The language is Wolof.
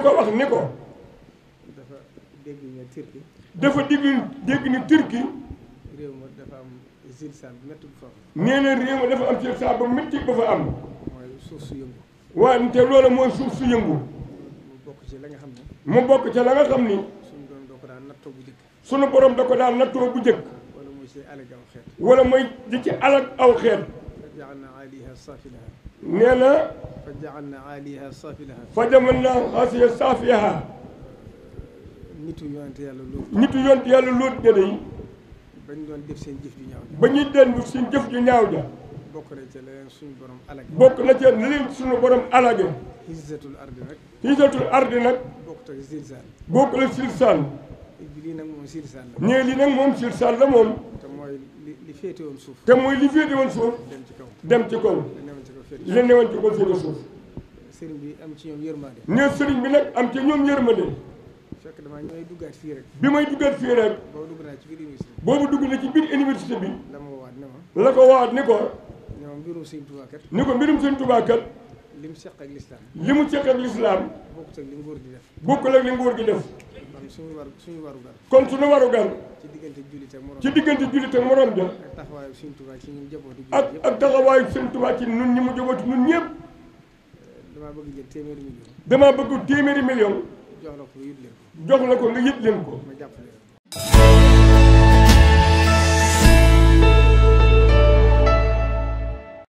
di ko wax ni ko. dafa dégg ne Turquie. dafa dégg dégg ni Turquie. réew ma dafa am zilzal bu métti bu fa am. nee na ma dafa am zilzal bu métti bu fa am. mooy suuf su yëngu. waaw te loolu mooy suuf su yëngu. mu bokk ci la nga xam ne. mu bokk ci la nga xam ni. suñ borom da ko daan nattoo bu njëkk. suñu borom da ko daan nattoo bu njëkk. wala mooy ci alag wala mooy ci alag aw xeet. nee na. فجعلنا عاليها سافلها فجعلنا عاليها سافلها nitu yonte yàlla luut nitu yonte yàlla luut de day bañ doon def seen jëf ju ñaaw ja ba ñuy den seen jëf ju ñaaw ja bokk na ci la suñu borom alage bokk na ci la leen suñu borom alage hisatul ardi nag hisatul ardi nag bokk tak silsaan bokk la silsaan lii nag moom silsaan la nee lii nag moom la moom te mooy li féete woon suuf te mooy li féete woon suuf dem ci kaw dem ci kaw la newoon ci kaw i suuf. sëriñ bi am ci ñoom yërmande. ne sëriñ bi nag am ci ñoom yërmande. fekk damaa ñooy duggaat fii rek. bi may duggaat fii rek. boobu dugg naa ci biir université. boobu dugg na ci biir université bi. la ma waat ne la ko waat ni ko. ne ma mbirum sëriñ Tuubaa ni ko mbirum sëriñ Tuubaa kat. li mu seq ak lislaam. li mu seq ak lislaam. bokkul ak li nguur gi def. bokkul ak li nguur gi def. suñu waru suñu waru gar kon suñu waru gar ci diggante jullit ak morom ci diggante jullit ak morom ja ak taxawaayu suñu tubaa ci ñun jabooti ak ak taxawaayu suñu tubaa ci nun ñi mu jabooti nun ñëpp eh, damaa bëgg jël téeméeri million damaa bëgg téeméeri million jox la ko nga yët leen ko jox la ko ma jàpp